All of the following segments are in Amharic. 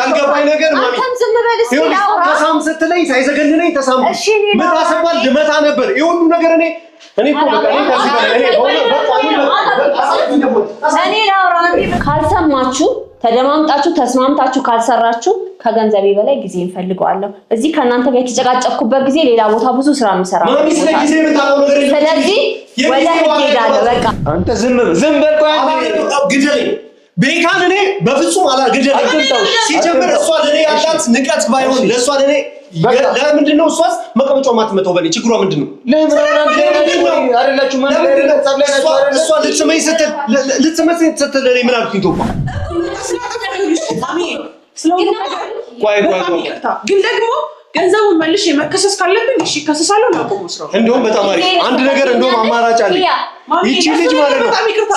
ያልገባኝ ነገር ማሚ ተሳም ስትለኝ ሳይዘገንነኝ ተሳም መታሰባል ድመታ ነበር የሁሉ ነገር እኔ እኔ ካልሰማችሁ ተደማምጣችሁ ተስማምታችሁ ካልሰራችሁ ከገንዘቤ በላይ ጊዜ እንፈልገዋለሁ። እዚህ ከእናንተ ጋር የተጨቃጨቅኩበት ጊዜ ሌላ ቦታ ብዙ ስራ የምሰራ ስለዚህ ወደ ህግ በቃ አንተ ዝም ዝም በል ግደለኝ ቤካን እኔ በፍጹም አላገደለም። ሲጀምር እሷ ለእኔ ያላት ንቀት ባይሆን ለእሷ ለእኔ ለምንድን ነው እሷስ መቀመጫው በኔ በእኔ ችግሯ ምንድን ነው? እሷ ልትመኝ ስትል ለእኔ ምን አልኩኝ? ግን ደግሞ ገንዘቡን መልሼ መከሰስ ካለብኝ እሺ ከሰሳለሁ። ላቆሙ ስራው እንደውም በጣም አሪፍ አንድ ነገር እንደውም አማራጭ አለ። ይቺ ልጅ ማለት ነው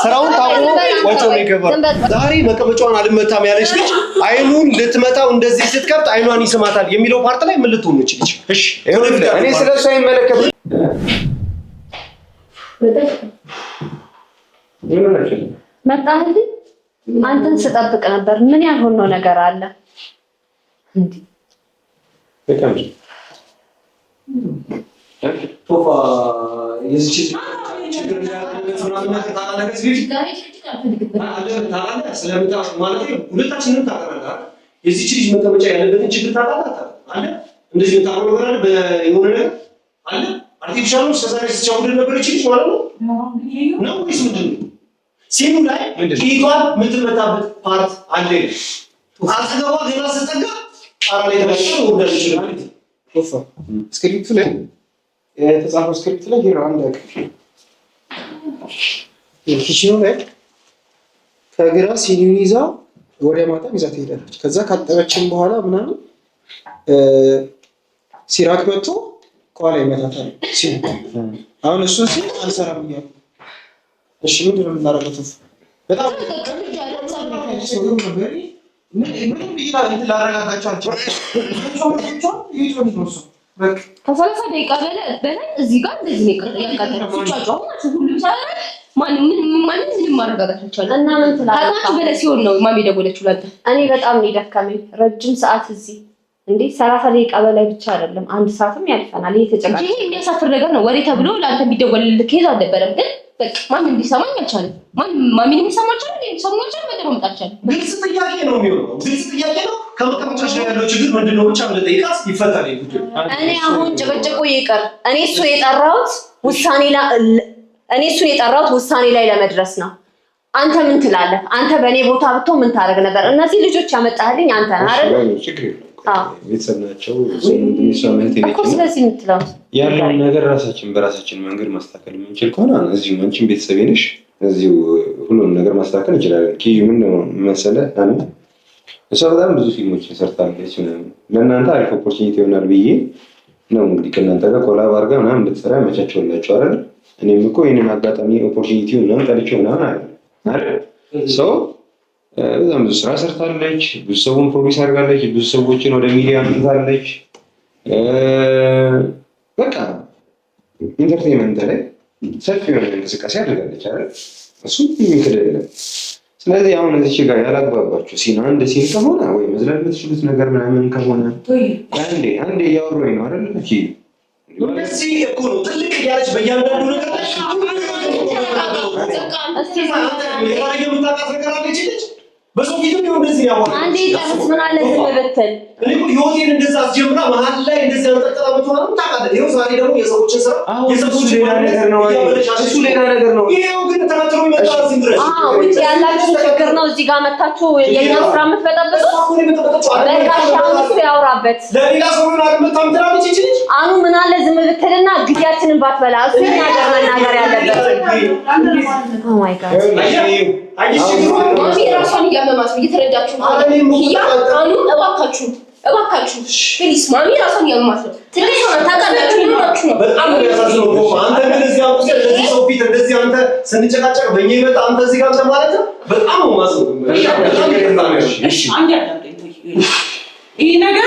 ስራውን ታቆሞ ወጮ ነው ይገባል። ዛሬ መቀመጫዋን አልመታም ያለች ልጅ አይኑን ልትመታው እንደዚህ ስትከብት አይኗን ይስማታል የሚለው ፓርት ላይ ምን ልትሆን እቺ ልጅ? እሺ ይሁን እንደ እኔ ስለሱ አይመለከት መጣህልኝ። አንተን ስጠብቅ ነበር። ምን ያልሆነው ነገር አለ እንዴ? ተቀመጭ። ቶፋ የዚህ ችግር ያለበት ማለት ነው። የዚህ ልጅ መቀመጫ ያለበትን ችግር ታውቃለህ አለ። እንደዚህ የምታውቀው አለ፣ አርቲፊሻሉ እስከዛሬ ስትጫወት ነበረች ልጅ ማለት ነው ነው ወይስ ምንድን ነው? ሲኑ ላይ ምንድን ነው ፓርት አለ። አጠገቧ ገና ስትጠጋ ስክሪፕቱ ላይ የተጻፈው ስክሪፕት ላይ ሄሮ አንድ ኪችኑ ላይ ከግራ ሲኒውን ይዛ ማጣም ይዛ ትሄዳለች። ከዛ ካጠበችን በኋላ ምናምን ሲራክ መጥቶ ከኋላ ይመታታል። ሲ አሁን እሱን ሲል አልሰራም እያሉ እሺ ምንድን ነው የምናደርገው? በጣም ምንም ብዬ ላረጋጋቻቸው ከሰላሳ ደቂቃ በላይ እዚህ ጋር እንደዚህ ነው ያቃጠለቻቸው ሁሉም ማንም ምንም ምንም ማረጋጋት አልቻለም። እና ምን ትላለህ? አቅማችሁ በላይ ሲሆን ነው ማሜ ደወለችው ላንተ። እኔ በጣም ነው የደከመኝ ረጅም ሰዓት እዚህ እንዴ ሰላሳ ደቂቃ በላይ ብቻ አይደለም አንድ ሰዓትም ያልፈናል። ይሄ የሚያሳፍር ነገር ነው። ወሬ ተብሎ ለአንተ ቢደወልልህ ከሄድ አልነበረም ግን ማንም ሊሰማኝ አልቻለም። ማሚን የሚሰማ አልቻለም። ሰሙ አልቻለም። ወደ መምጣት አልቻለም። ግልጽ ጥያቄ ነው የሚሆነው። ግልጽ ጥያቄ ነው። ከመቀመጫሽ ያለው ችግር ምንድን ነው? ብቻ መጠየቃስ ይፈታል። እኔ አሁን ጭቅጭቁ ይቅር። እኔ እሱ የጠራሁት ውሳኔ ላይ እኔ እሱን የጠራሁት ውሳኔ ላይ ለመድረስ ነው። አንተ ምን ትላለህ? አንተ በእኔ ቦታ ብትሆን ምን ታደርግ ነበር? እነዚህ ልጆች ያመጣህልኝ አንተ ነህ አይደል? ቤተሰብ ናቸው። ስለዚህ የምትለው ያለውን ነገር ራሳችን በራሳችን መንገድ ማስተካከል የምንችል ከሆነ እዚሁ ነሽ፣ እዚሁ ነገር ማስተካከል እንችላለን። ኪዩ ምን መሰለህ እሷ በጣም ብዙ ፊልሞችን ሰርታለች። ለእናንተ አሪፍ ኦፖርቹኒቲ ይሆናል ብዬ ነው እንግዲህ ከእናንተ ጋር ኮላብ አድርጋ ምናምን እንድትሰራ ያመቻቸውላቸው አይደል? እኔም እኮ ይህንን አጋጣሚ ኦፖርቹኒቲውን ምናምን ጠልቼው ምናምን አይደል ሰው በጣም ብዙ ስራ ሰርታለች። ብዙ ሰውን ፕሮዲስ አድርጋለች። ብዙ ሰዎችን ወደ ሚዲያ ምታለች። በቃ ኢንተርቴንመንት ላይ ሰፊ የሆነ እንቅስቃሴ አድርጋለች አይደል? እሱ የሚክደለም። ስለዚህ አሁን እዚህ ጋር ያላግባባችሁ ሲን አንድ ሲን ከሆነ ወይ መዝለል የምትችሉት ነገር ምናምን ከሆነ አንዴ አንዴ እያወራሁኝ ነው አይደል? እቺ እንደዚህ እኮ ያለች በእያንዳንዱ ነገር ብዙ ጊዜ ነው እንደዚህ ያው አንዴ ቀርስ ምን አለ ተመበተን እኔ ህይወቴን እንደዛ አስጀምራ መሀል ላይ እንደዛ ያጠጣጣ ብትሆን ታውቃለህ። ይኸው ዛሬ ደግሞ የሰዎችን ስራ የሰዎችን ሌላ ነገር ነው፣ እሱ ሌላ ነገር ነው። ይሄው ግን ተከትሎ ይመጣ እዚህ ውጭ ያላችሁ ችግር ነው። እዚህ ጋር መታችሁ የኛ ስራ የምትበጠብጡት ያውራበት። አሁን ምን አለ ዝም ብትልና ግዳችንን ባትበላ እሱ ነገር መናገር ያለበት oh እየተረዳችሁ እባካችሁ እባካችሁ ስንጨቃጨቅ በእኛ ይመጣ አንተ እዚህ ጋር ማለት ነው። በጣም ነው ማዝኑ። ነገር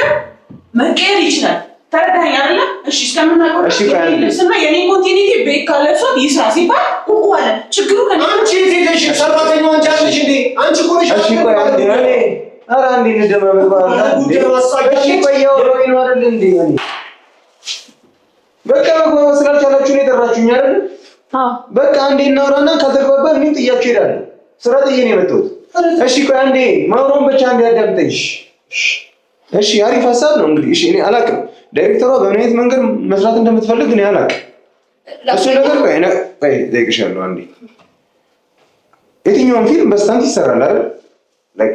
መቀየር ይችላል። ተረዳኸኝ አይደለ? እሺ እስከምናውቀው የኔ ኮንቲኒቲ ቤት ካለሷ ይስራ ሲባል ቁቁ አለ ችግሩ ከአንቺ ዜሽ ሰራተኛ አንቺ አለሽ እንዴ አንቺ ኮነሽ ኧረ አንዴ እንደማመን በቃ መግባባት ስላልቻላችሁ ነው የጠራችሁኝ አይደል? በቃ አንዴ እናውራና ከተግባባን ምን ጥያቄ ይላል? ስራ ጥዬ ነው የመጣሁት። እሺ ቆይ አንዴ ማውራውን ብቻ አንዴ አዳምጠኝ። እሺ አሪፍ ሀሳብ ነው እንግዲህ። እሺ እኔ አላውቅም ዳይሬክተሯ በምን አይነት መንገድ መስራት እንደምትፈልግ እኔ አላውቅም። እሱ ነገር ቆይ ነው ቆይ እጠይቅሻለሁ አንዴ። የትኛውን ፊልም በስታንት ይሰራል አይደል? ላይክ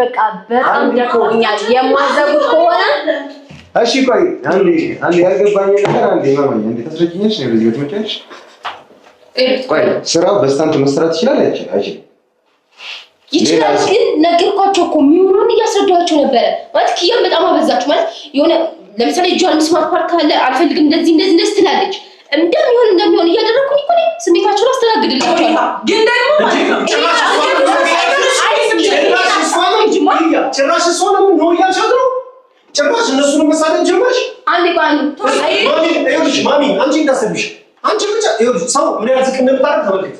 በቃ በጣም ደክሞኛል። የማዘጉት ከሆነ እሺ። ቆይ አንዴ አንዴ ያልገባኝ ነገር አንዴ ማማኝ አንዴ ታስረጅኛለሽ ነው በዚህ ወጥመጫሽ። ቆይ ስራው በስታንት መስራት ይችላል አይችል ይችላል ግን ነገርኳቸው እኮ የሚሆኑን እያስረዳኋቸው ነበረ። ማለት ክያም በጣም አበዛችሁ። ማለት የሆነ ለምሳሌ እጇን ምስማት ፓርክ አለ አልፈልግም፣ እንደዚህ እንደዚህ እንደዚህ ትላለች። እንደሚሆን እንደሚሆን እያደረግኩኝ እኮ ስሜታችሁን አስተናግድላችኋል ግን ደግሞ ጭራሽ እሷንም ነው እያልሻት ነው። ጭራሽ እነሱንም መሳደብ ጀመርሽ። ማሚ አንቺ እንዳሰብሽ አንቺ ብቻ ሰው ምን ያህል ዝቅ እንደምታደርግ ተመልከት።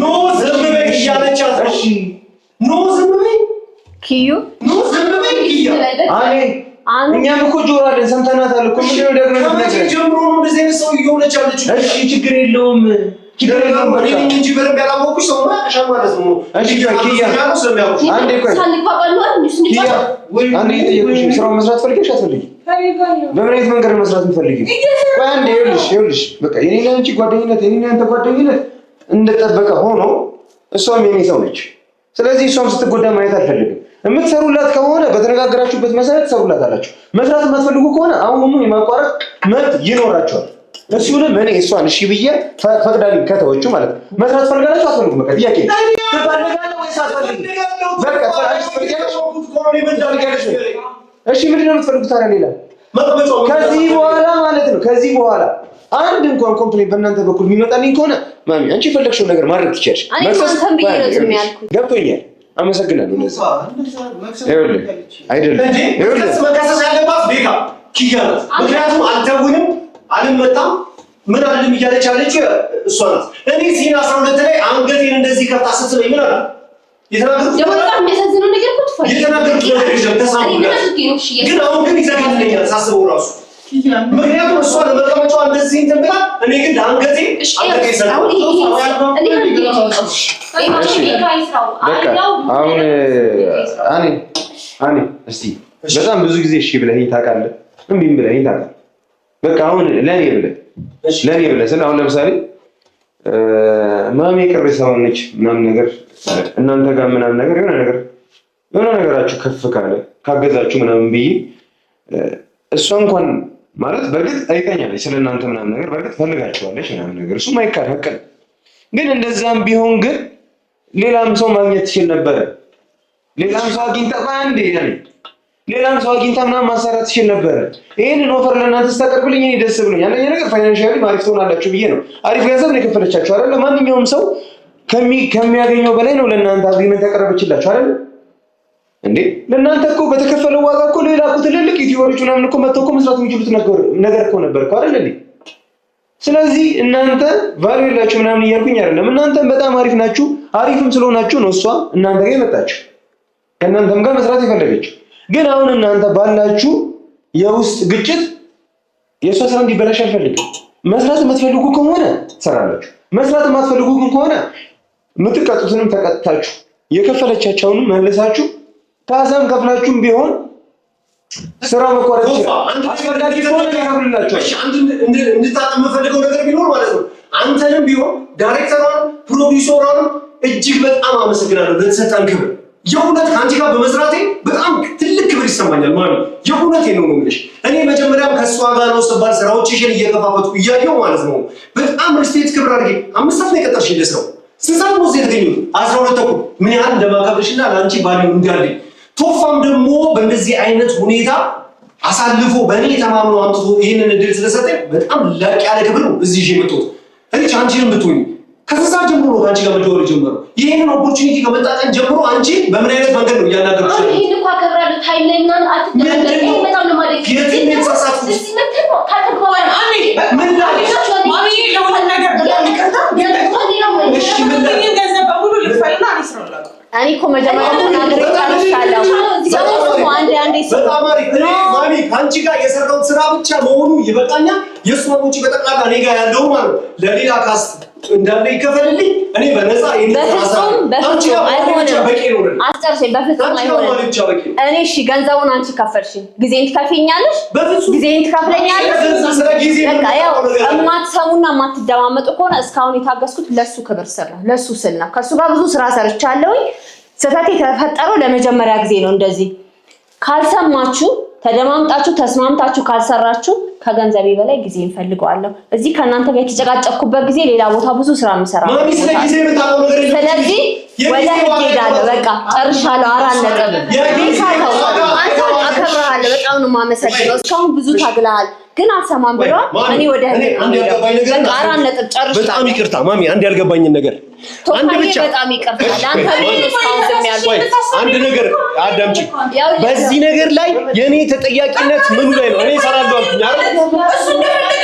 ኖ ዝም በይ እያለቻት ነው። ኖ ዝም በይ ኪዩ፣ ኖ ዝም በይ ኪያ። እኛም እኮ ጆሮ አለን ሰምተናታል እኮ። ምንድን ነው ደግሞ ጀምሮ ነው እንደዚህ አይነት ሰው እየሆነች ያለችው? እሺ ችግር የለውም ስራውን መስራት ፈልገሽ አትፈልጊም? በምን አይነት መንገድ መስራት የምትፈልጊው? አንዴ ይኸውልሽ፣ ይኸውልሽ በቃ የኔና አንቺ ጓደኝነት የኔና አንተ ጓደኝነት እንደጠበቀ ሆኖ እሷም የኔ ሰው ነች። ስለዚህ እሷም ስትጎዳ ማየት አልፈልግም። የምትሰሩላት ከሆነ በተነጋገራችሁበት መሰረት ትሰሩላት አላችሁ። መስራት የማትፈልጉ ከሆነ አሁን የማቋረጥ መብት ይኖራቸዋል እሱንም እኔ እሷን እሺ ብዬ ፈቅዳልኝ ከተወችው ማለት ነው። መስራት ፈልጋለች አትፈልጉም? መከት ጥያቄ እሺ፣ ምንድን ነው የምትፈልጉት ታዲያ? ሌላ ከዚህ በኋላ ማለት ነው ከዚህ በኋላ አንድ እንኳን ኮምፕሌን በእናንተ በኩል የሚመጣልኝ ከሆነ ማሚ፣ አንቺ የፈለግሽውን ነገር ማድረግ ትችያለሽ። ገብቶኛል። አመሰግናለሁ። ለዛ አይደለም አይደለም፣ ምክንያቱም አልተውንም አልመጣም ምን አይደለም እያለች ያለች እሷ ናት። እኔ ዜና አስራ ሁለት ላይ አንገቴን እንደዚህ ከፍታ ስትለኝ ምን አለ ነገር ግን አሁን ግን ይዘጋልኛል ሳስበው ራሱ ምክንያቱም እሷ እንደዚህ እኔ ግን አንገቴ አሁን አኔ አኔ እስቲ በጣም ብዙ ጊዜ እሺ ብለኸኝ ታውቃለህ፣ እምቢም ብለኸኝ ታውቃለህ በቃ አሁን ለኔ ብለህ ለኔ ብለህ ስለ አሁን ለምሳሌ ማሜ ቅሬታ ሆነች ምናምን ነገር እናንተ ጋር ምናምን ነገር የሆነ ነገር የሆነ ነገራችሁ ከፍ ካለ ካገዛችሁ ምናምን ብዬ እሷ እንኳን ማለት በእርግጥ አይቀኛለች ስለ እናንተ ምናምን ነገር በእርግጥ ፈልጋችኋለች ምናምን ነገር እሱም አይካድ ሀቅ ግን እንደዛም ቢሆን ግን ሌላም ሰው ማግኘት ትችል ነበረ። ሌላም ሰው አግኝተህ በአንዴ ያኔ ሌላም ሰው አግኝታ ምናምን ማሰራት ትችል ነበር ይህንን ኦፈር ለእናንተ ስታቀርብልኝ እኔ ደስ ብሎኝ፣ አንደኛ ነገር ፋይናንሻሊ አሪፍ ትሆናላችሁ ብዬ ነው። አሪፍ ገንዘብ ነው የከፈለቻችሁ አይደለ? ማንኛውም ሰው ከሚያገኘው በላይ ነው ለእናንተ አግሪመንት ያቀረበችላችሁ አይደለ? እንዴ ለእናንተ እኮ በተከፈለው ዋጋ እኮ ሌላ እኮ ትልልቅ ዩቲዩበሮች ምናምን እኮ መጥተው እኮ መስራት የሚችሉት ነገር እኮ ነበር እኮ አይደለ? ስለዚህ እናንተ ቫልዩ የላችሁ ምናምን እያልኩኝ አይደለም። እናንተም በጣም አሪፍ ናችሁ። አሪፍም ስለሆናችሁ ነው እሷ እናንተ ጋር የመጣችሁ ከእናንተም ጋር መስራት የፈለገችው። ግን አሁን እናንተ ባላችሁ የውስጥ ግጭት የእሷ ስራ እንዲበላሽ አልፈልግም። መስራት የምትፈልጉ ከሆነ ትሰራላችሁ። መስራት የማትፈልጉ ግን ከሆነ የምትቀጡትንም ተቀጥታችሁ የከፈለቻቸውንም መልሳችሁ ታዛም ከፍላችሁም ቢሆን ስራ መቋረጥ አስፈላጊ ከሆነ ያብልላችሁ። እንድታጠ የምፈልገው ነገር ቢኖር ማለት ነው አንተንም ቢሆን ዳይሬክተሯን ፕሮዲውሰሯን እጅግ በጣም አመሰግናለሁ ለተሰጠን ክብር የእውነት ከአንቺ ጋር በመስራቴ በጣም ትልቅ ክብር ይሰማኛል። ማለት የእውነት ነው የምልሽ። እኔ መጀመሪያም ከእሷ ጋር ነው ስባል ስራዎችሽን እየከፋፈቱ እያየው ማለት ነው በጣም ሪስፔክት ክብር አድርጌ አምስት ሰዓት ነው የቀጠርሽ ለስራው ስንሳት ነው የተገኙ አስራ ሁለት ተኩል ምን ያህል እንደማከብርሽና ለአንቺ ባል እንዳለኝ ቶፋም ደግሞ በእንደዚህ አይነት ሁኔታ አሳልፎ በእኔ ተማምኖ አምጥቶ ይህንን እድል ስለሰጠኝ በጣም ላቅ ያለ ክብር ነው እዚህ የመጡት እኔ አንቺንም ብትሆኝ ከዛ ጀምሮ አንቺ ጋር መደወል ጀምሮ ይሄንን ኦፖርቹኒቲ ከመጣጠን ጀምሮ አንቺ በምን አይነት መንገድ ነው እያናገርኩሽ? ይሄን እኮ አከብራለሁ። ታይም ላይ ምናምን አትደረገ ማለት ነው። ነው ምን ላይ ነገር እሺ ምን ገንዘብ በሙሉ ልክፈልና አሪፍ ነው ላቁ እኔ እኮ መጀመሪያ ከአንቺ ጋር የሰራሁት ስራ ብቻ መሆኑ ይበቃኛል። የእሱ ወጪ በጠቅላላ እኔ ጋር ያለው ማለት ለሌላ ካስ እንዳለ ይከፈልልኝ። እኔ በነፃ እኔ እሺ፣ ገንዘቡን አንቺ ከፈልሽ፣ ጊዜን ትከፍይኛለሽ፣ ጊዜን ትከፍለኛለሽ የማትሰሙና የማትደማመጡ ከሆነ እስካሁን የታገስኩት ለሱ ክብር ስል ነው፣ ለሱ ስል ነው። ከሱ ጋር ብዙ ስራ ሰርቻለሁ። ስህተት የተፈጠረው ለመጀመሪያ ጊዜ ነው። እንደዚህ ካልሰማችሁ ተደማምጣችሁ ተስማምታችሁ ካልሰራችሁ ከገንዘቤ በላይ ጊዜ እንፈልገዋለሁ። እዚህ ከእናንተ ጋር የተጨቃጨቅኩበት ጊዜ ሌላ ቦታ ብዙ ስራ ምሰራ። ስለዚህ ወደ ህግ ሄዳለሁ። በቃ ጨርሻለሁ። አራት ነጥብ አከብረሃለሁ። በጣም ነው የማመሰግነው። እስካሁን ብዙ ታግለሃል፣ ግን አልሰማም ብሎ እኔ ወደ አራት ነጥብ ጨርሻለሁ። በጣም ይቅርታ ማሚ፣ አንድ ያልገባኝን ነገር አንድ ብቻ በጣም ይቅርታ። አንድ ነገር አዳምጪ። በዚህ ነገር ላይ የእኔ ተጠያቂነት ምኑ ላይ ነው? እኔ እሰራለሁ አልኩኝ አይደል?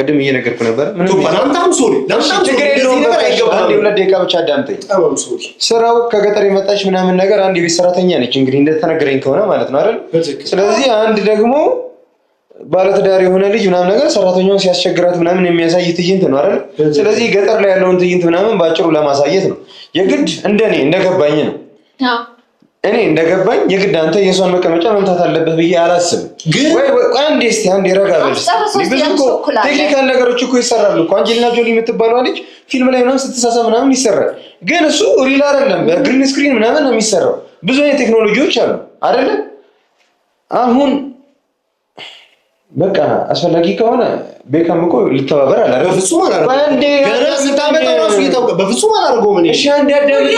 ቅድም እየነገርኩ ነበር። ስራው ከገጠር የመጣች ምናምን ነገር አንድ የቤት ሰራተኛ ነች እንግዲህ እንደተነገረኝ ከሆነ ማለት ነው አይደል? ስለዚህ አንድ ደግሞ ባለትዳር የሆነ ልጅ ምናምን ነገር ሰራተኛውን ሲያስቸግራት ምናምን የሚያሳይ ትዕይንት ነው አይደል? ስለዚህ ገጠር ላይ ያለውን ትዕይንት ምናምን በአጭሩ ለማሳየት ነው የግድ እንደኔ እንደገባኝ ነው። እኔ እንደገባኝ የግድ አንተ የእሷን መቀመጫ መምታት አለበት ብዬ አላስብም። አንዴ እስኪ አንዴ ረጋ በል። ቴክኒካል ነገሮች እኮ ይሰራሉ እኮ አንጀሊና ጆሊ የምትባለው ልጅ ፊልም ላይ ምናምን ስትሳሳ ምናምን ይሰራል። ግን እሱ ሪል አይደለም፣ በግሪን ስክሪን ምናምን ነው የሚሰራው። ብዙ አይነት ቴክኖሎጂዎች አሉ አይደለም። አሁን በቃ አስፈላጊ ከሆነ ቤካም እኮ ልተባበር አለ። በፍጹም አላደርገውም። ገና ስታመጣው ራሱ እየታወቀ በፍጹም አላደርገውም። እሺ አንዴ አዳምጠኝ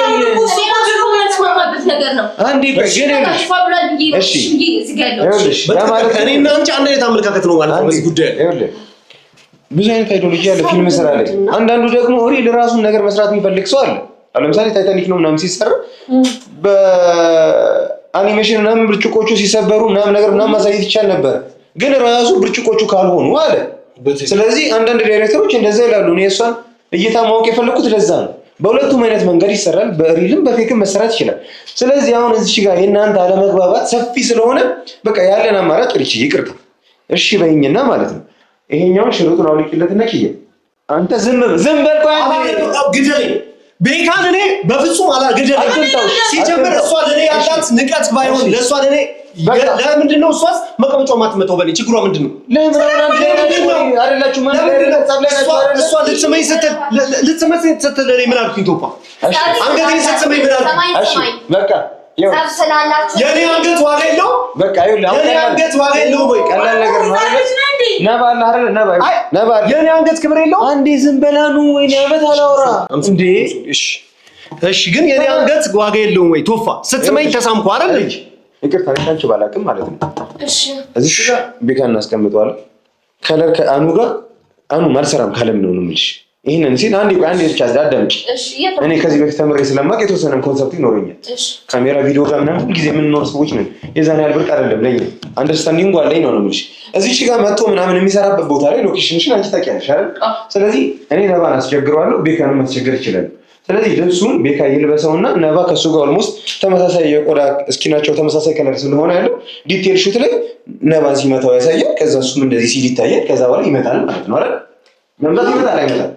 የማንስማማበት አይነት ብዙ አይነት አይዲዮሎጂ ያለ ፊልም ስራ ላይ አንዳንዱ ደግሞ ሪል ራሱን ነገር መስራት የሚፈልግ ሰው አለ። ለምሳሌ ታይታኒክ ነው ምናምን ሲሰራ በአኒሜሽን ምናምን ብርጭቆቹ ሲሰበሩ ምናምን ነገር ምናምን ማሳየት ይቻል ነበር፣ ግን ራሱ ብርጭቆቹ ካልሆኑ አለ። ስለዚህ አንዳንድ ዳይሬክተሮች እንደዛ ይላሉ። እኔ እሷን እይታ ማወቅ የፈለግኩት ለዛ ነው። በሁለቱም አይነት መንገድ ይሰራል። በሪልም በፌክም መሰራት ይችላል። ስለዚህ አሁን እዚህ ጋር የእናንተ አለመግባባት ሰፊ ስለሆነ በቃ ያለን አማራጭ ሪች ይቅርታ እሺ በይኝና ማለት ነው። ይሄኛውን ሽሩጡን አውልቂለትና ክየ አንተ ዝም ዝም በል ቤካን እኔ በፍጹም አላገደልኩም። ሲጀምር እሷ ለእኔ ያላት ንቀት ባይሆን ለእሷ ለእኔ ለምንድን ነው እሷስ መቀመጫው ማትመጣው? በእኔ ችግሯ ምንድን ነው? እሷ ልትስመኝ ስትል ልትስመኝ ስትል እኔ ምን አልኩኝ? ቶፓ አንገቴን ስትስመኝ ምን አልኩኝ? በቃ የኔ አንገት ዋጋ የለው። በቃ የኔ አንገት ዋጋ የለው። ወይ ቀላል ነገር ነው አይደል? ነባ አለ አይደል? ነባ ነባ የኔ አንገት ክብር የለው። አንዴ ዝም በላኑ ወይ ነበት አላወራ እንዴ! እሺ እሺ፣ ግን የኔ አንገት ዋጋ የለውም ወይ ቶፋ ስትመኝ ተሳምኩ አይደል? ልጅ ይቅርታ ታንቺ ባላቅም ማለት ነው። እሺ እዚህ ጋር ቤካ እናስቀምጠዋለን። ከለር ከአኑ ጋር አኑ ማልሰራም ካለም ነው ነው የምልሽ ይህንን ሲል አንድ ቆይ አንድ ብቻ አዳምጪ። እኔ ከዚህ በፊት ተምሬ ስለማቅ የተወሰነን ኮንሰፕት ይኖረኛል። ካሜራ ቪዲዮ ጋር ምናምን ሁልጊዜ የምንኖር ሰዎች ነን። የዛን ያህል ብርቅ አይደለም ለኛ አንደርስታንዲንግ አለኝ ነው ነው የምልሽ። እዚህ ጋር መጥቶ ምናምን የሚሰራበት ቦታ ላይ ሎኬሽንሽን አንቺ ታውቂያለሽ አይደል? ስለዚህ እኔ ነባን አስቸግረዋለሁ፣ ቤካን ማስቸገር ይችላል። ስለዚህ ልብሱን ቤካ ይልበሰውና ነባ ከሱ ጋር ኦልሞስት ተመሳሳይ የቆዳ እስኪናቸው ተመሳሳይ ከለር ስለሆነ ያለው ዲቴል ሹት ላይ ነባን ሲመታው ያሳያል። ከዛ እሱም እንደዚህ ሲል ይታያል። ከዛ በኋላ ይመጣል ማለት ነው አይደል? መምጣት ይመጣል አይመጣል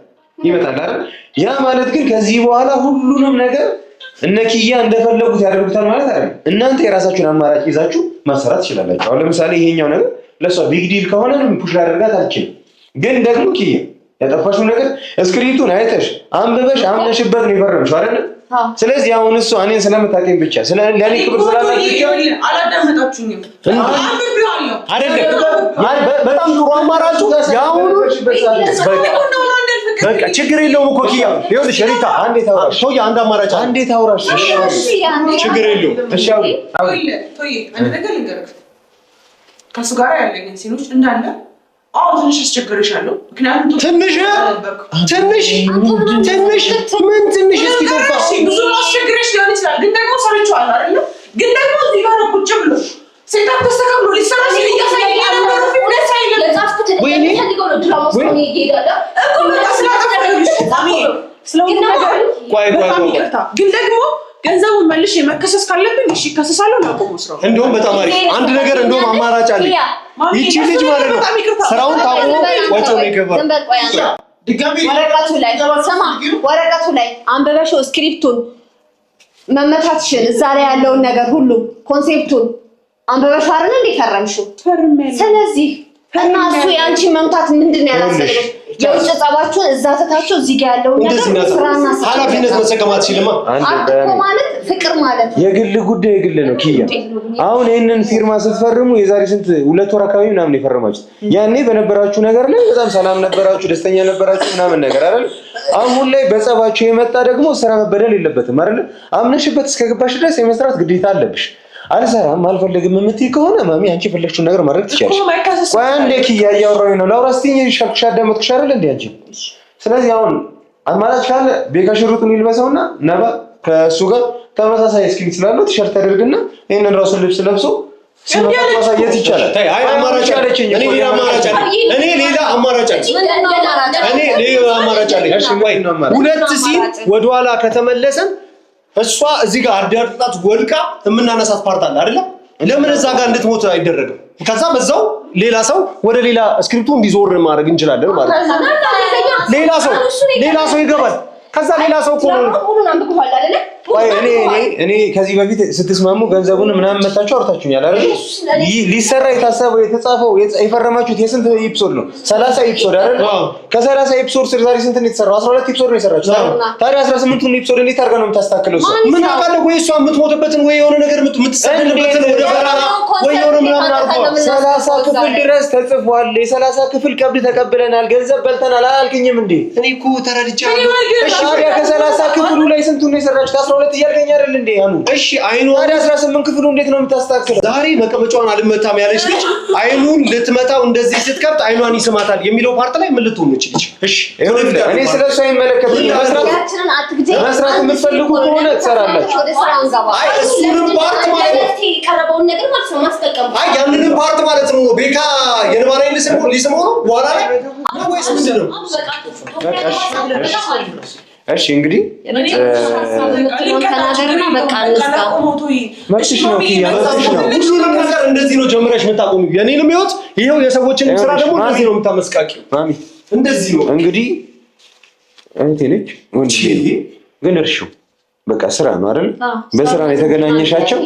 ይመጣል አይደል? ያ ማለት ግን ከዚህ በኋላ ሁሉንም ነገር እነ ኪያ እንደፈለጉት ያደርጉታል ማለት አይደል። እናንተ የራሳችሁን አማራጭ ይዛችሁ ማሰራት ትችላላችሁ። አሁን ለምሳሌ ይሄኛው ነገር ለእሷ ቢግ ዲል ከሆነ ፑሽ ላደርጋት አልችልም። ግን ደግሞ ኪያ ያጠፋሽው ነገር እስክሪፕቱን አይተሽ አንብበሽ አምነሽበት ነው የፈረምሽው አይደል? ስለዚህ አሁን እሱ እኔን ስለምታውቀኝ ብቻ ስለ ለኔ ክብር ስላላችሁ አላዳመጣችሁኝም። በጣም ጥሩ አማራጭ ያሁኑ በቃ ችግር የለውም እኮ ኪያ፣ ይኸውልሽ ሪታ፣ አንዴ ታውራሽ ቶዬ፣ አንድ አማራጭ አንዴ ታውራሽ። ችግር የለውም እሺ። አሁን ቶዬ፣ አንድ ነገር ልንገርህ፣ ከሱ ጋር ያለኝን ሲኖች እንዳለ አዎ ትንሽ አስቸግርሻለሁ። ምክንያቱም ትንሽ ትንሽ ትንሽ ምን ትንሽ እስኪገባ ብዙ አስቸግረሽ ሊሆን ይችላል፣ ግን ደግሞ ሰርቼዋለሁ አይደለ? ግን ደግሞ እዚህ ጋር ቁጭ ብሎ ስልጣን ግን ደግሞ ገንዘቡን መልሼ መከሰስ ካለብን እሺ ከሰሳለሁ። ላቆሙ እንደውም በጣም አሪፍ አንድ ነገር እንደውም አማራጭ አለ። ይቺ ልጅ ማለት ነው ስራውን ታቆሙ ወጪው ነው ይገባል። ወረቀቱ ላይ ስማ፣ ወረቀቱ ላይ አንበበሽው ስክሪፕቱን መመታትሽን እዛ ላይ ያለውን ነገር ሁሉ ኮንሴፕቱን አንበበሽ አይደል እንዴ ፈረምሽው? ስለዚህ እና እሱ የአንቺ መምታት ምንድን ነው ያላስፈልገሽ? የውጭ ጸባችሁን እዛ ተታችሁ እዚህ ጋር ያለው ያለውን ኃላፊነት መሰከም አትችልማ። አጥቶ ማለት ፍቅር ማለት ነው። የግል ጉዳይ የግል ነው። ኪያ አሁን ይህንን ፊርማ ስትፈርሙ የዛሬ ስንት ሁለት ወር አካባቢ ምናምን የፈረማችሁት ያኔ በነበራችሁ ነገር ላይ በጣም ሰላም ነበራችሁ፣ ደስተኛ ነበራችሁ ምናምን ነገር አይደል? አሁን ላይ በጸባችሁ የመጣ ደግሞ ስራ መበደል የለበትም አይደል? አምነሽበት እስከገባሽ ድረስ የመስራት ግዴታ አለብሽ። አልሰራም አልፈልግም የምትይ ከሆነ ማሚ አንቺ የፈለግሽውን ነገር ማድረግ ትችያለሽ። አንዴ ኪያ እያወራሁኝ ነው። ለውራስቲኝ እስኪ ሻልኩሽ፣ አዳመጥኩሽ አይደል እንዴ አንቺ። ስለዚህ አሁን አማራጭ ካለ ቤካ ሽሩጡን ይልበሰውና ነባ ከእሱ ጋር ተመሳሳይ ስክሪን ስላለው ቲሸርት ያደርግና ይህንን ራሱን ልብስ ለብሶ ማሳየት ይቻላል። እኔ አማራጭ አለኝ። እኔ ሌላ አማራጭ አለኝ። እኔ ሌላ አማራጭ አለኝ። ሁለት ሲን ወደኋላ ከተመለሰን እሷ እዚህ ጋር አዳርጣት ወድቃ የምናነሳት ፓርት አለ አይደለ? ለምን እዛ ጋር እንድትሞት አይደረግም? ከዛ በዛው ሌላ ሰው ወደ ሌላ ስክሪፕቱ እንዲዞር ማድረግ እንችላለን ማለት ነው። ሌላ ሰው ሌላ ሰው ይገባል። ከዛ ሌላ ሰው እኔ ከዚህ በፊት ስትስማሙ ገንዘቡን ምናምን መታችሁ አውርታችሁኛል አይደል? ይህ ሊሰራ የታሰበው የተጻፈው የፈረማችሁት የስንት ኤፒሶድ ነው? ሰላሳ ኤፒሶድ አይደል? ከሰላሳ ኤፒሶድ ስር ዛሬ ስንት ነው የተሰራው? አስራ ሁለት ኤፒሶድ ነው የሰራችሁት። ታዲያ አስራ ስምንቱን ኤፒሶድ እንዴት አድርጋ ነው የምታስተካክለው? ምን አውቃለሁ ወይ እሷ የምትሞትበትን ወይ የሆነ ነገር የምትሰልበትን ወይ የሆነ ምናምን አርጎ ሰላሳ ክፍል ድረስ ተጽፏል። የሰላሳ ክፍል ቀብድ ተቀብለናል፣ ገንዘብ በልተናል አላልክኝም እንዴ? እኔ እኮ ተረድቻለሁ። ታዲያ ከሰላሳ ክፍሉ ላይ ስንቱን ነው የሰራችው? ከአስራ ሁለት እያልከኝ አይደል እንዴ? እሺ አይኑ ታዲያ አስራ ስምንት ክፍሉ እንዴት ነው የምታስታክለው? ዛሬ መቀመጫውን አልመታም ያለች ልጅ አይኑን ልትመታው እንደዚህ ስትከብት አይኗን ይስማታል የሚለው ፓርት ላይ ምን ልትሆን ነች ልጅ? እሺ እኔ ስለ እሱ አይመለከትም። መስራት የምትፈልጉ ከሆነ ትሰራላችሁ። አይ እሱንም ፓርት ማለት ነው አይ ያንንም ፓርት ማለት ነው ቤካ የንባራይን ስም ሊስመው ነው በኋላ ላይ ወይስ ምንድን ነው? እሺ እንግዲህ ተናገርና ነው ሁሉንም ነገር እንደዚህ ነው ጀምረሽ የኔንም ህይወት የሰዎችን ስራ ደግሞ እንደዚህ ነው የምታመስቃቂው። እንደዚህ ነው እንግዲህ እህቴ ነች ወንድ ግን እርሹ በቃ ስራ ነው አይደል? በስራ ነው የተገናኘሻቸው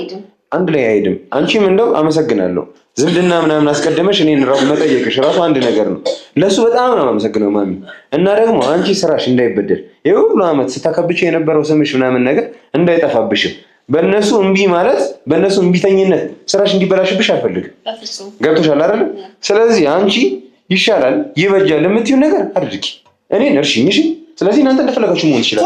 አንድ ላይ አይሄድም። አንቺም እንደው አመሰግናለሁ ዝምድና ምናምን አስቀድመሽ እኔን ራሱ መጠየቅሽ ራሱ አንድ ነገር ነው። ለሱ በጣም ነው አመሰግነው ማሚ። እና ደግሞ አንቺ ስራሽ እንዳይበደል ይህ ሁሉ ዓመት ስታከብቸው የነበረው ስምሽ ምናምን ነገር እንዳይጠፋብሽም በእነሱ እምቢ ማለት በእነሱ እምቢተኝነት ስራሽ እንዲበላሽብሽ አልፈልግም። ገብቶሻል አይደለም? ስለዚህ አንቺ ይሻላል ይበጃል የምትዩ ነገር አድርጊ። እኔን እርሽኝ። ስለዚህ እናንተ እንደፈለጋችሁ መሆን ትችላል።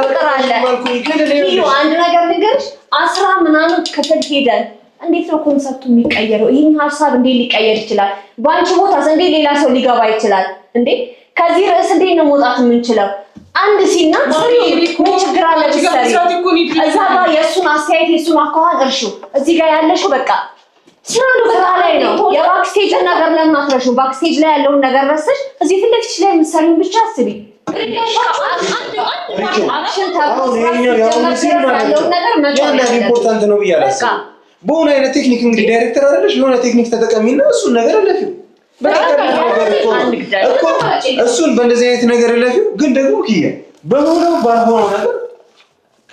ፍቅር አለ። አንድ ነገር ንገርሽ፣ አስራ ምናምን ክፍል ሄደን እንዴት ነው ኮንሰፕቱ የሚቀየረው? ይህን ሀሳብ እንዴት ሊቀየር ይችላል? በአንቺ ቦታ እንዴት ሌላ ሰው ሊገባ ይችላል? እንዴ ከዚህ ርዕስ እንዴት ነው መውጣት የምንችለው? አንድ ሲና ምን ችግር አለ? እዛ ጋር የእሱን አስተያየት የእሱን አካኋን እርሹ። እዚህ ጋር ያለሽው በቃ ስራ ላይ ነው። የባክስቴጅ ነገር ለምን አትረሺው? ባክስቴጅ ላይ ያለውን ነገር ረስሽ እዚህ ፊት ለፊትሽ ላይ የምትሰሪውን ብቻ አስቢ። ኢምፖርታንት ነው ብዬ በሆነ አይነት ቴክኒክ እንግዲህ ዳይሬክተር አይደለሽ፣ የሆነ ቴክኒክ ተጠቀሚና እሱን ነገር እሱን በእንደዚህ አይነት ነገር አለፊው። ግን ደግሞ ክያ በሆነው ባልሆነው ነገር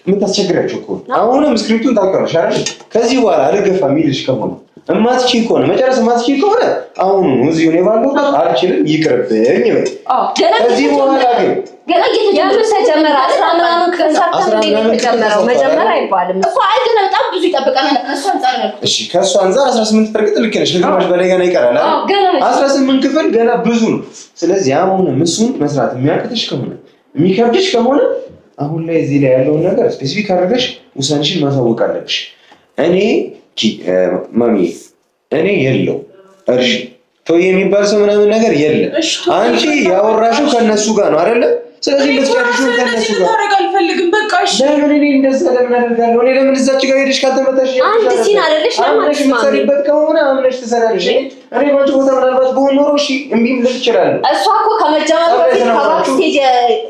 የምታስቸግራቸው እኮ አሁንም ስክሪፕቱን አይደል? ከዚህ በኋላ አልገፋ የሚልሽ ከሆነ እማትቺ ከሆነ መጨረስ እማትቺ ከሆነ አሁን እዚህ ነው ባለበት አልችልም፣ ይቅርብኝ ይበል። ከዚህ በኋላ ግን ገና መጀመር አይባልም እኮ በጣም ብዙ እሺ አንፃር 18 በርግጥ ልክ ነሽ፣ ከግማሽ በላይ ገና ይቀራል። 18 ክፍል ገና ብዙ ነው። ስለዚህ አሁን ምሱን መስራት የሚያቅትሽ ከሆነ የሚከብድሽ ከሆነ አሁን ላይ እዚህ ላይ ያለውን ነገር ስፔሲፊክ አድርገሽ ውሳንሽን ማሳወቅ አለብሽ እኔ ማሚ እኔ የለው እርሺ ተው የሚባል ሰው ምናምን ነገር የለም። አንቺ ያወራሽው ከነሱ ጋር ነው አይደለ? ስለዚህ ልትጨርሹ ከነሱ ጋር በቃ እሺ፣ ለምን እኔ እንደዛ ለምን አደርጋለሁ? እኔ ለምን ካልተመታሽ ሲን አይደለሽ ከሆነ ትሰራለሽ። እኔ ምናልባት ኖሮ እሺ እሷ እኮ በፊት ስቴጅ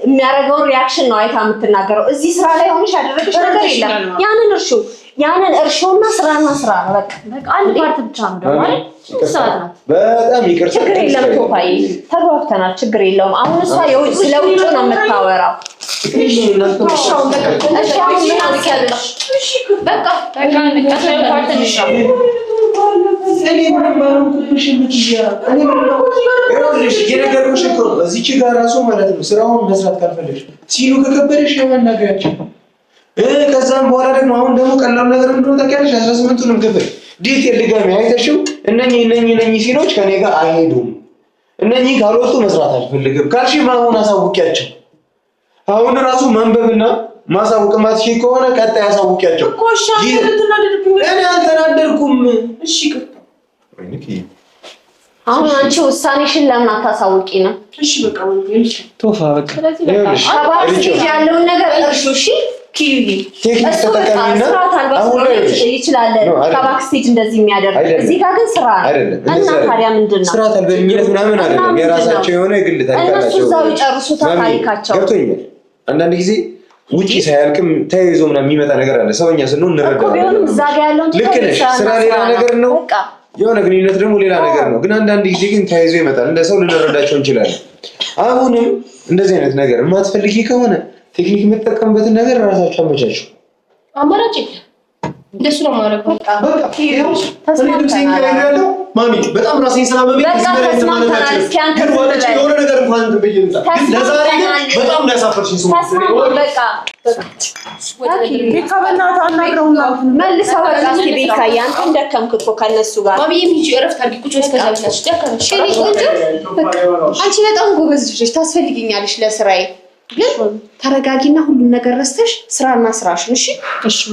የሚያደርገውን ሪያክሽን ነው አይታ የምትናገረው። እዚህ ስራ ላይ ሆነሽ ያደረግሽ ነገር የለም። ያንን እርሺው ያንን እርሾና ስራና ስራ አንድ ፓርት ብቻ ነው ደግሞ በጣም ይቅርታ። ችግር የለም ቶፋይ፣ ተግባብተናል። ችግር የለውም። አሁን እሷ ስለ ውጭ ነው የምታወራው። እዚህ ጋር ራሱ ማለት ነው ስራውን መስራት ካልፈለግሽ ሲሉ ከከበደሽ ከዛም በኋላ ደግሞ አሁን ደግሞ ቀላሉ ነገር ምንድን ነው ታውቂያለሽ? አስራ ስምንቱንም ክፍል ዲቴል ድጋሚ አይተሽው እነኚህ እነኚህ እነኚህ ሲኖች ከኔ ጋር አይሄዱም፣ እነኚህ ካልወጡ መስራት አልፈልግም ካልሽ አሁን አሳውቂያቸው። አሁን ራሱ መንበብና ማሳውቅ ማትሽ ከሆነ ቀጣይ አሳውቂያቸው። እኔ አልተናደድኩም። እሺ አሁን አንቺ ውሳኔሽን ለምን አታሳውቂ ነው? እሺ በቃ ወንጀል ቶፋ በቃ ያለውን ነገር እርሹ። እሺ ኪዩዬ እሱ በቃ ይችላል። ከባክስቴጅ እንደዚህ የሚያደርግ እዚህ ጋር ግን ስራ እና ታዲያ ምንድን ነው ምናምን አይደለም። የራሳቸው የሆነ የግል እነሱ እዛው ታሪካቸው ገብቶኛል። አንዳንድ ጊዜ ውጪ ሳያልቅም ተያይዞ ምናምን የሚመጣ ነገር አለ። ሰውኛ ስንሆን እንረዳለን። እዛ ጋር ያለው ልክ ነሽ። ስራ ሌላ ነገር ነው፣ የሆነ ግንኙነት ደግሞ ሌላ ነገር ነው። ግን አንዳንድ ጊዜ ግን ተያይዞ ይመጣል። እንደ ሰው ልንረዳቸው እንችላለን። አሁንም እንደዚህ አይነት ነገር የማትፈልጊ ከሆነ ቴክኒክ የምጠቀምበትን ነገር ራሳቸው አመቻቸው። አማራጭ እንደሱ ነው ማለት ማሚ በጣም ራሴን ሰላም ቤት የሆነ ነገር እንኳን ለዛሬ ግን በጣም እንዳያሳፈርሽኝ መልሰው በቃ እስኪ ቤታ ያንተን ደከምክ እኮ ከእነሱ ጋር አንቺ በጣም ጎበዝ ልጅ ታስፈልግኛለሽ ለስራዬ ግን ተረጋጊና ሁሉን ነገር ረስተሽ ስራና ስራሽ ነው። እሺ፣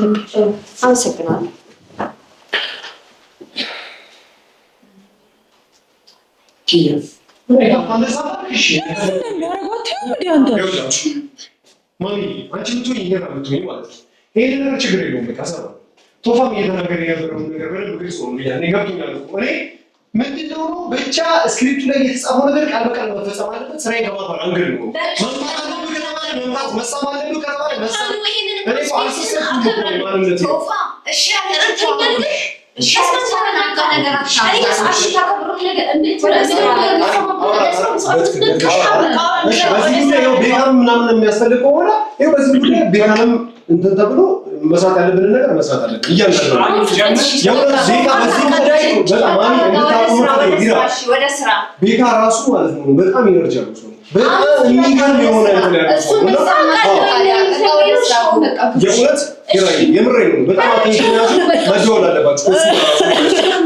አመሰግናለሁ። ምንድነው ብቻ ስክሪፕቱ ላይ የተጻፈው ነገር ቃል በቃል መፈጸም አለበት። ስራ ገባ አንግል ነው መምጣት መሳም አለብህ ከተባለ መሳም እኔ ምናምን የሚያስፈልግ ከሆነ በዚህ ጉዳይ ቤካንም እንትን ተብሎ መስራት ያለብን ነገር መስራት አለብን። በጣም ኢነርጂ አለው በጣም የሚገርም የሆነ የእውነት የምሬ ነው። በጣም መደወል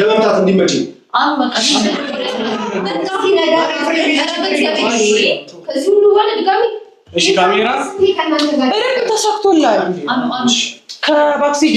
ለመምታት እንዲመች ካሜራ በደንብ ተሳክቶላል። ከባክሲጅ